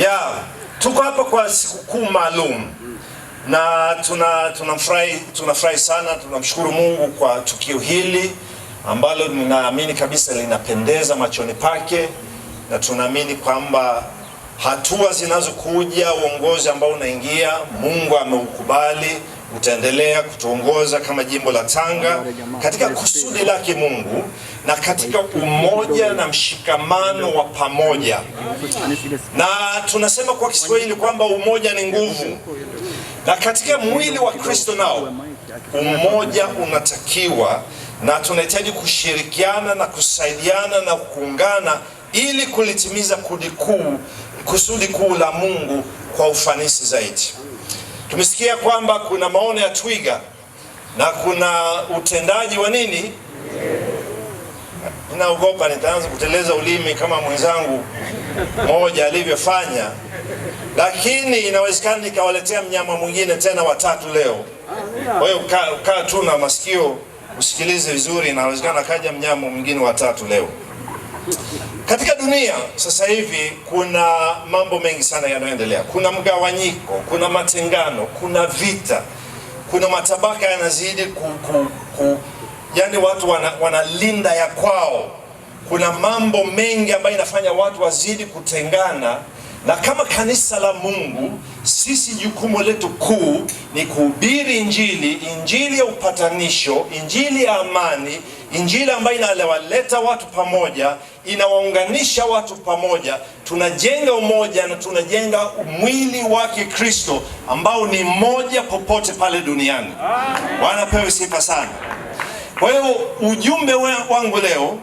Yeah, tuko hapa kwa sikukuu maalum na tunafurahi tuna tuna sana, tunamshukuru Mungu kwa tukio hili ambalo ninaamini kabisa linapendeza machoni pake, na tunaamini kwamba hatua zinazokuja, uongozi ambao unaingia, Mungu ameukubali utaendelea kutuongoza kama jimbo la Tanga katika kusudi lake Mungu na katika umoja na mshikamano wa pamoja, na tunasema kwa Kiswahili kwamba umoja ni nguvu, na katika mwili wa Kristo nao umoja unatakiwa, na tunahitaji kushirikiana na kusaidiana na kuungana ili kulitimiza kuu, kusudi kuu la Mungu kwa ufanisi zaidi. Tumesikia kwamba kuna maono ya twiga na kuna utendaji wa nini ninaogopa nitaanza kuteleza ulimi kama mwenzangu mmoja alivyofanya, lakini inawezekana nikawaletea mnyama mwingine tena watatu leo. Kwa hiyo kaa tu na masikio usikilize vizuri, inawezekana kaja mnyama mwingine watatu leo. Katika dunia sasa hivi kuna mambo mengi sana yanayoendelea. Kuna mgawanyiko, kuna matengano, kuna vita, kuna matabaka yanazidi ku, ku, ku yani watu wana, wanalinda ya kwao. Kuna mambo mengi ambayo inafanya watu wazidi kutengana, na kama kanisa la Mungu, sisi jukumu letu kuu ni kuhubiri Injili, Injili ya upatanisho, Injili ya amani, Injili ambayo inawaleta watu pamoja, inawaunganisha watu pamoja, tunajenga umoja na tunajenga mwili wake kristo ambao ni mmoja popote pale duniani. Wanapewe sifa sana. Kwa hiyo ujumbe wangu leo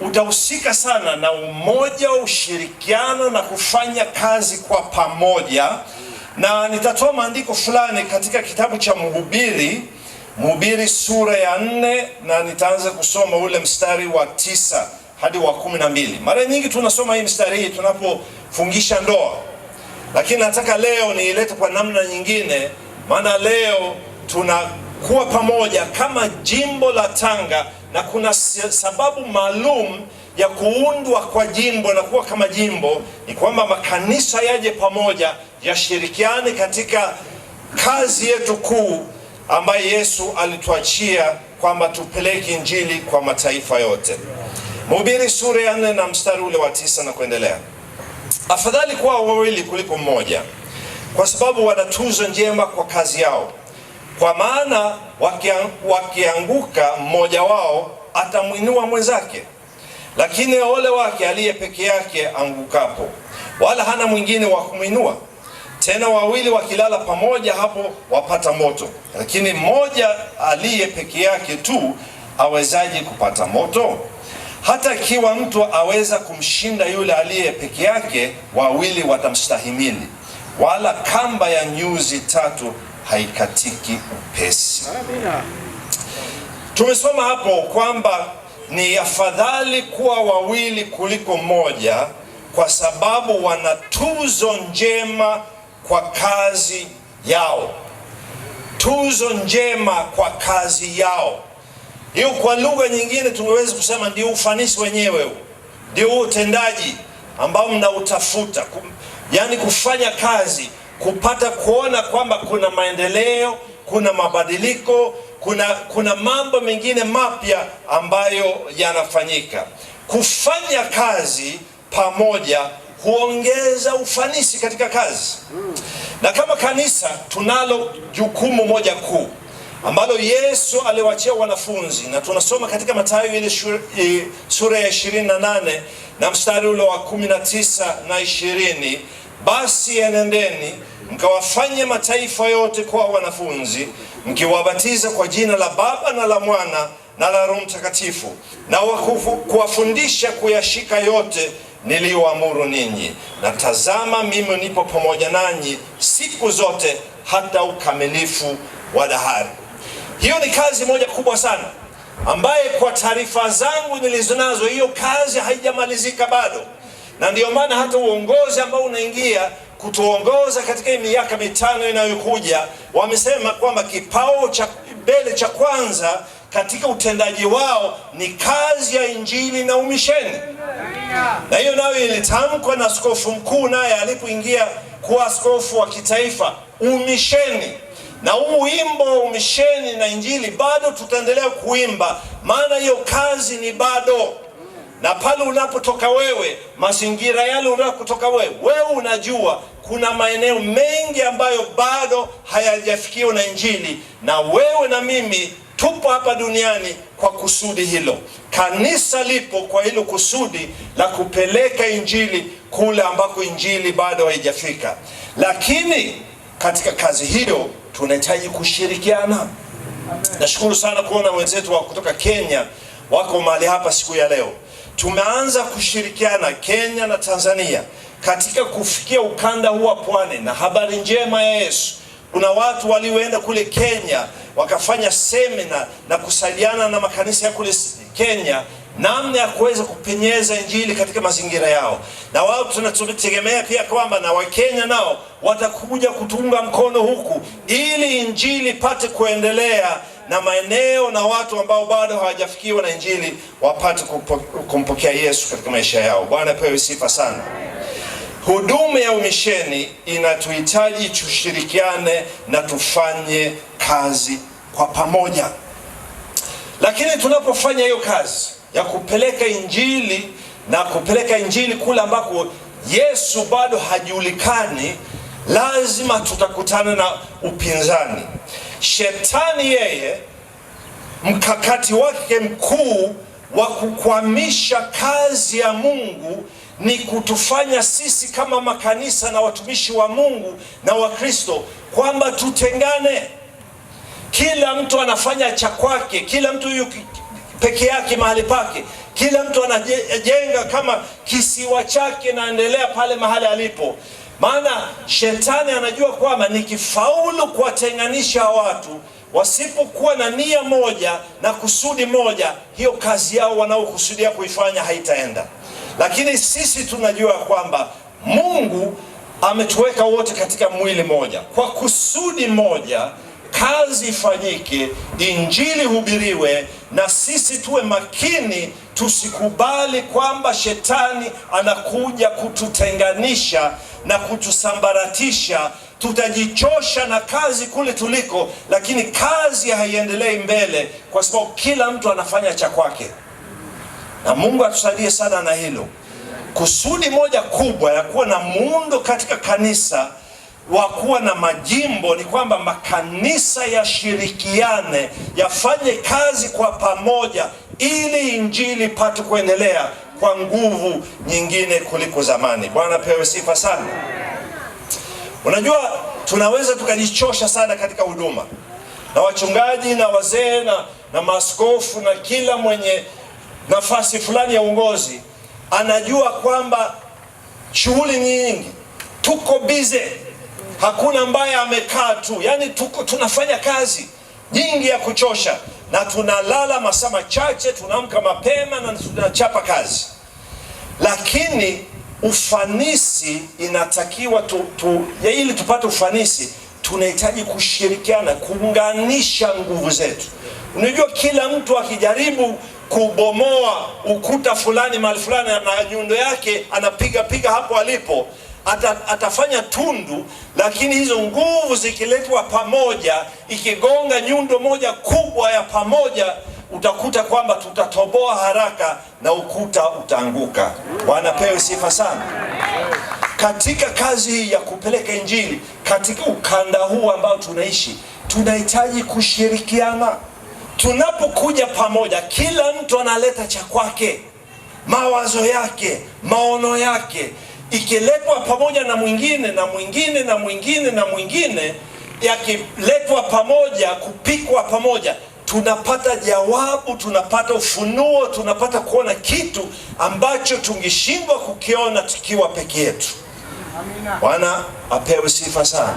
utahusika sana na umoja, ushirikiano na kufanya kazi kwa pamoja, na nitatoa maandiko fulani katika kitabu cha Mhubiri, Mhubiri sura ya nne, na nitaanza kusoma ule mstari wa tisa hadi wa kumi na mbili. Mara nyingi tunasoma hii mstari hii tunapofungisha ndoa, lakini nataka leo niilete kwa namna nyingine, maana leo tuna kuwa pamoja kama jimbo la Tanga, na kuna sababu maalum ya kuundwa kwa jimbo na kuwa kama jimbo ni kwamba makanisa yaje pamoja, yashirikiane katika kazi yetu kuu ambayo Yesu alituachia kwamba tupeleke Injili kwa mataifa yote. Mhubiri sura ya 4 na mstari ule wa tisa na kuendelea. Afadhali kuwa wawili kuliko mmoja, kwa sababu wana tuzo njema kwa kazi yao kwa maana wakianguka mmoja wao atamwinua mwenzake, lakini ole wake aliye peke yake angukapo, wala hana mwingine wa kumwinua. Tena wawili wakilala pamoja, hapo wapata moto, lakini mmoja aliye peke yake tu awezaje kupata moto? Hata ikiwa mtu aweza kumshinda yule aliye peke yake, wawili watamstahimili, wala kamba ya nyuzi tatu haikatiki upesi. Tumesoma hapo kwamba ni afadhali kuwa wawili kuliko mmoja, kwa sababu wana tuzo njema kwa kazi yao. Tuzo njema kwa kazi yao hiyo, kwa lugha nyingine tumeweza kusema ndio ufanisi wenyewe, ndio utendaji ambao mnautafuta, yaani kufanya kazi kupata kuona kwamba kuna maendeleo, kuna mabadiliko, kuna, kuna mambo mengine mapya ambayo yanafanyika. Kufanya kazi pamoja huongeza ufanisi katika kazi, na kama kanisa tunalo jukumu moja kuu ambalo Yesu aliwaachia wanafunzi, na tunasoma katika Mathayo ile sura ya 28 na mstari ule wa 19 na 20, basi enendeni mkawafanye mataifa yote kuwa wanafunzi, mkiwabatiza kwa jina la Baba na la Mwana na la Roho Mtakatifu, na kuwafundisha kuyashika yote niliyoamuru ninyi, na tazama, mimi nipo pamoja nanyi siku zote hata ukamilifu wa dahari. Hiyo ni kazi moja kubwa sana, ambaye kwa taarifa zangu nilizonazo, hiyo kazi haijamalizika bado, na ndiyo maana hata uongozi ambao unaingia kutuongoza katika miaka mitano inayokuja. Wamesema kwamba kipao cha mbele cha kwanza katika utendaji wao ni kazi ya injili na umisheni, na hiyo nayo ilitamkwa na askofu mkuu naye alipoingia kuwa askofu wa kitaifa, umisheni na huu wimbo wa umisheni na injili bado tutaendelea kuimba, maana hiyo kazi ni bado na pale unapotoka wewe, mazingira yale unakotoka wewe, wewe unajua kuna maeneo mengi ambayo bado hayajafikiwa na Injili, na wewe na mimi tupo hapa duniani kwa kusudi hilo. Kanisa lipo kwa hilo kusudi la kupeleka Injili kule ambako Injili bado haijafika. Lakini katika kazi hiyo tunahitaji kushirikiana. Nashukuru sana kuona wenzetu wa kutoka Kenya wako mahali hapa siku ya leo tumeanza kushirikiana Kenya na Tanzania katika kufikia ukanda huu wa pwani na habari njema ya Yesu. Kuna watu walioenda kule Kenya wakafanya semina na kusaidiana na makanisa ya kule Kenya namna ya kuweza kupenyeza injili katika mazingira yao, na wao tunategemea pia kwamba na Wakenya nao watakuja kutunga mkono huku, ili injili ipate kuendelea na maeneo na watu ambao bado hawajafikiwa na Injili wapate kumpokea Yesu katika maisha yao. Bwana apewe sifa sana. Huduma ya umisheni inatuhitaji tushirikiane na tufanye kazi kwa pamoja, lakini tunapofanya hiyo kazi ya kupeleka Injili na kupeleka Injili kule ambako Yesu bado hajulikani, lazima tutakutana na upinzani. Shetani yeye mkakati wake mkuu wa kukwamisha kazi ya Mungu ni kutufanya sisi kama makanisa na watumishi wa Mungu na Wakristo kwamba tutengane. Kila mtu anafanya cha kwake, kila mtu yuko peke yake mahali pake, kila mtu anajenga kama kisiwa chake, naendelea pale mahali alipo. Maana shetani anajua kwamba nikifaulu kuwatenganisha watu wasipokuwa na nia moja na kusudi moja, hiyo kazi yao wanaokusudia kuifanya haitaenda. Lakini sisi tunajua kwamba Mungu ametuweka wote katika mwili moja kwa kusudi moja kazi ifanyike, injili hubiriwe, na sisi tuwe makini tusikubali kwamba shetani anakuja kututenganisha na kutusambaratisha. Tutajichosha na kazi kule tuliko, lakini kazi haiendelei mbele, kwa sababu kila mtu anafanya cha kwake. Na Mungu atusaidie sana na hilo kusudi moja kubwa ya kuwa na muundo katika kanisa wa kuwa na majimbo ni kwamba makanisa yashirikiane, yafanye kazi kwa pamoja, ili injili ipate kuendelea kwa nguvu nyingine kuliko zamani. Bwana pewe sifa sana. Unajua, tunaweza tukajichosha sana katika huduma na wachungaji na wazee na, na maaskofu na kila mwenye nafasi fulani ya uongozi anajua kwamba shughuli nyingi, tuko busy hakuna ambaye amekaa tu, yani tunafanya kazi nyingi ya kuchosha na tunalala masaa machache, tunaamka mapema na tunachapa kazi, lakini ufanisi inatakiwa tu, tu, ili tupate ufanisi tunahitaji kushirikiana, kuunganisha nguvu zetu. Unajua, kila mtu akijaribu kubomoa ukuta fulani mahali fulani na nyundo yake anapiga piga hapo alipo ata, atafanya tundu, lakini hizo nguvu zikiletwa pamoja, ikigonga nyundo moja kubwa ya pamoja, utakuta kwamba tutatoboa haraka na ukuta utaanguka. Bwana pewe sifa sana katika kazi ya kupeleka Injili katika ukanda huu ambao tunaishi, tunahitaji kushirikiana. Tunapokuja pamoja, kila mtu analeta cha kwake, mawazo yake, maono yake ikiletwa pamoja na mwingine na mwingine na mwingine na mwingine, yakiletwa pamoja, kupikwa pamoja, tunapata jawabu, tunapata ufunuo, tunapata kuona kitu ambacho tungeshindwa kukiona tukiwa peke yetu. Bwana apewe sifa sana.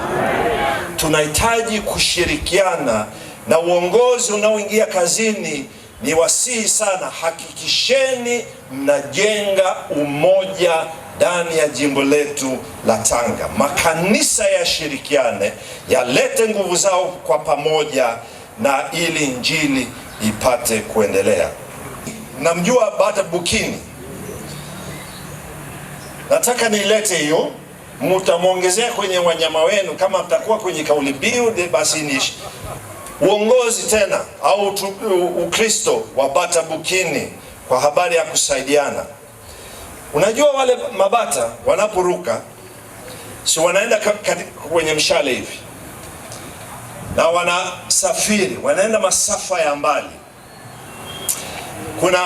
Tunahitaji kushirikiana na uongozi unaoingia kazini. Ni wasihi sana, hakikisheni mnajenga umoja ndani ya jimbo letu la Tanga. Makanisa yashirikiane, yalete nguvu zao kwa pamoja, na ili injili ipate kuendelea. Namjua Bata Bukini, nataka nilete hiyo, mutamwongezea kwenye wanyama wenu. Kama mtakuwa kwenye kauli mbiu, basi ni uongozi tena au Ukristo wa Bata Bukini kwa habari ya kusaidiana Unajua wale mabata wanaporuka si wanaenda kwenye mshale hivi, na wanasafiri, wanaenda masafa ya mbali. Kuna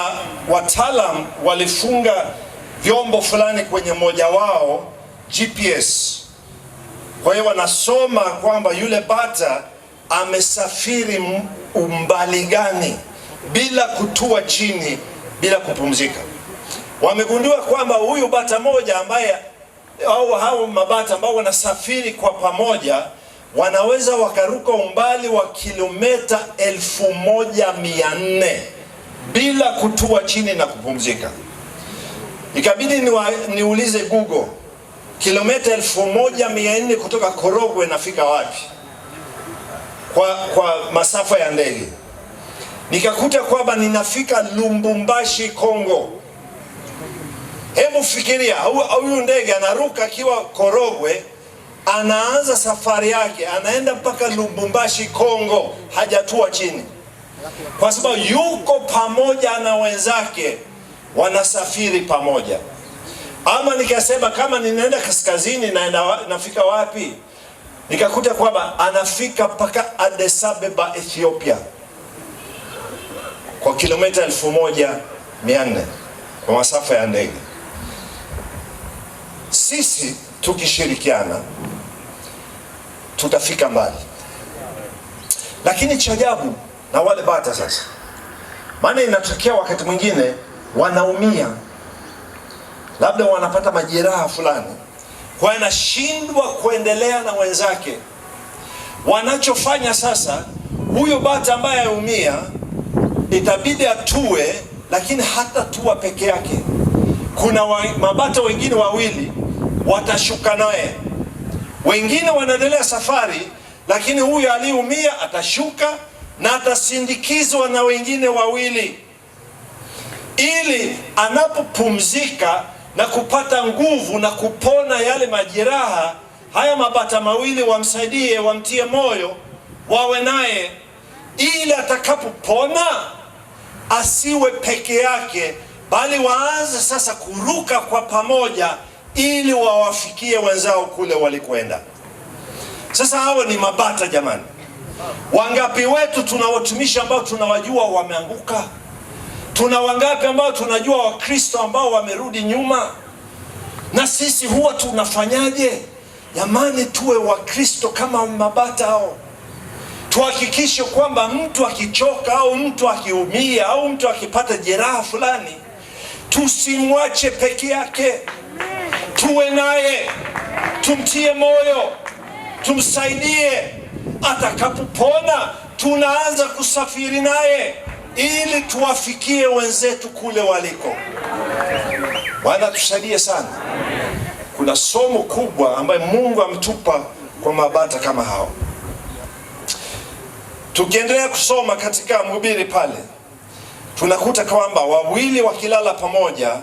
wataalam walifunga vyombo fulani kwenye mmoja wao GPS, kwa hiyo wanasoma kwamba yule bata amesafiri umbali gani bila kutua chini, bila kupumzika wamegundua kwamba huyu bata moja ambaye au hao mabata ambao wanasafiri kwa pamoja wanaweza wakaruka umbali wa kilomita elfu moja mia nne bila kutua chini na kupumzika. Ikabidi niwa, niulize Google kilomita elfu moja mia nne kutoka Korogwe nafika wapi kwa, kwa masafa ya ndege? Nikakuta kwamba ninafika Lumbumbashi, Kongo. Hebu fikiria, huyu ndege anaruka akiwa Korogwe, anaanza safari yake, anaenda mpaka Lubumbashi Kongo, hajatua chini, kwa sababu yuko pamoja na wenzake, wanasafiri pamoja. Ama nikasema kama ninaenda kaskazini, naenda nafika wapi? Nikakuta kwamba anafika mpaka Addis Ababa Ethiopia, kwa kilomita elfu moja mia nne kwa masafa ya ndege. Sisi tukishirikiana tutafika mbali, lakini cha ajabu na wale bata sasa, maana inatokea wakati mwingine wanaumia, labda wanapata majeraha fulani, wanashindwa kuendelea na wenzake. Wanachofanya sasa, huyo bata ambaye aumia itabidi atue, lakini hata tua peke yake. Kuna wa, mabata wengine wawili watashuka naye. Wengine wanaendelea safari, lakini huyu aliyeumia atashuka na atasindikizwa na wengine wawili, ili anapopumzika na kupata nguvu na kupona yale majeraha haya, mabata mawili wamsaidie, wamtie moyo, wawe naye, ili atakapopona asiwe peke yake, bali waanze sasa kuruka kwa pamoja ili wawafikie wenzao kule walikwenda. Sasa hawa ni mabata jamani. Wangapi wetu tuna watumishi ambao tunawajua wameanguka? Tuna wangapi ambao tunajua Wakristo ambao wamerudi nyuma? Na sisi huwa tunafanyaje? Jamani, tuwe Wakristo kama mabata hao. Tuhakikishe kwamba mtu akichoka au mtu akiumia au mtu akipata jeraha fulani, tusimwache peke yake tuwe naye, tumtie moyo, tumsaidie. Atakapopona tunaanza kusafiri naye ili tuwafikie wenzetu kule waliko. Bwana tusaidie sana. Kuna somo kubwa ambayo Mungu amtupa kwa mabata kama hao. Tukiendelea kusoma katika Mhubiri pale tunakuta kwamba wawili wakilala pamoja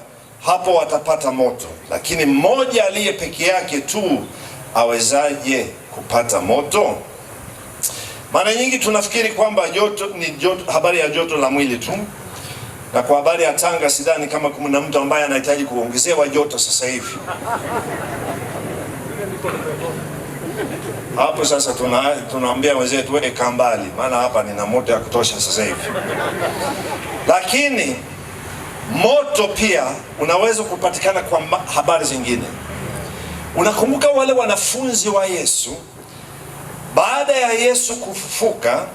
hapo watapata moto, lakini mmoja aliye peke yake tu awezaje kupata moto? Mara nyingi tunafikiri kwamba joto ni joto, habari ya joto la mwili tu, na kwa habari ya Tanga sidhani kama kuna mtu ambaye anahitaji kuongezewa joto sasa hivi hapo sasa tuna tunaambia wenzetu weka mbali, maana hapa nina moto ya kutosha sasa hivi, lakini Moto pia unaweza kupatikana kwa habari zingine. Unakumbuka wale wanafunzi wa Yesu, baada ya Yesu kufufuka,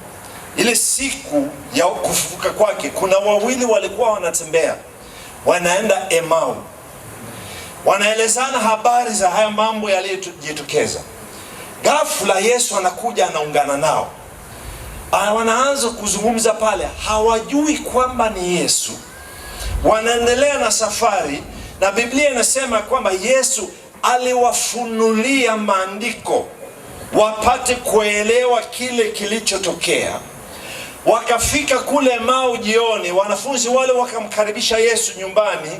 ile siku ya kufufuka kwake, kuna wawili walikuwa wanatembea wanaenda Emau, wanaelezana habari za haya mambo yaliyojitokeza. Ghafla Yesu anakuja anaungana nao, ah, wanaanza kuzungumza pale, hawajui kwamba ni Yesu wanaendelea na safari, na Biblia inasema kwamba Yesu aliwafunulia maandiko wapate kuelewa kile kilichotokea. Wakafika kule Emau jioni, wanafunzi wale wakamkaribisha Yesu nyumbani.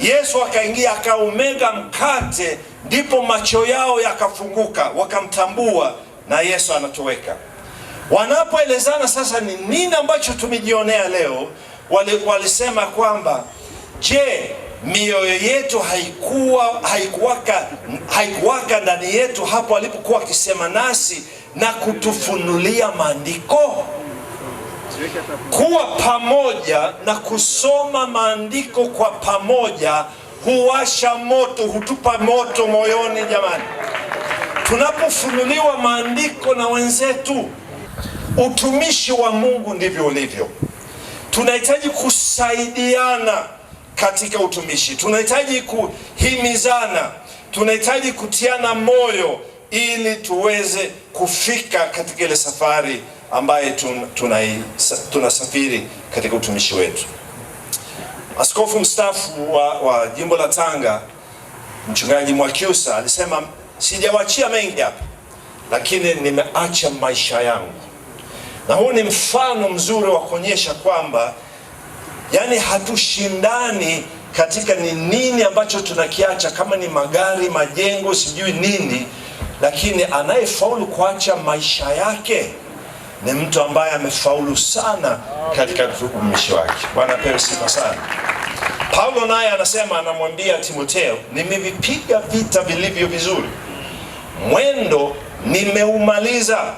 Yesu akaingia akaumega mkate, ndipo macho yao yakafunguka, wakamtambua na Yesu anatoweka. Wanapoelezana sasa, ni nini ambacho tumejionea leo walisema kwamba je, mioyo yetu haikuwa haikuwaka haikuwaka ndani yetu hapo alipokuwa akisema nasi na kutufunulia maandiko? Kuwa pamoja na kusoma maandiko kwa pamoja huwasha moto, hutupa moto moyoni. Jamani, tunapofunuliwa maandiko na wenzetu, utumishi wa Mungu ndivyo ulivyo. Tunahitaji kusaidiana katika utumishi, tunahitaji kuhimizana, tunahitaji kutiana moyo ili tuweze kufika katika ile safari ambaye tunasafiri katika utumishi wetu. Askofu mstaafu wa, wa jimbo la Tanga Mchungaji Mwakyusa alisema, sijawachia mengi hapa, lakini nimeacha maisha yangu na huu ni mfano mzuri wa kuonyesha kwamba yani hatushindani katika ni nini ambacho tunakiacha, kama ni magari, majengo, sijui nini, lakini anayefaulu kuacha maisha yake ni mtu ambaye amefaulu sana katika utumishi wake. Bwana pewe sifa sana. Paulo naye anasema, anamwambia timoteo nimevipiga vita vilivyo vizuri, mwendo nimeumaliza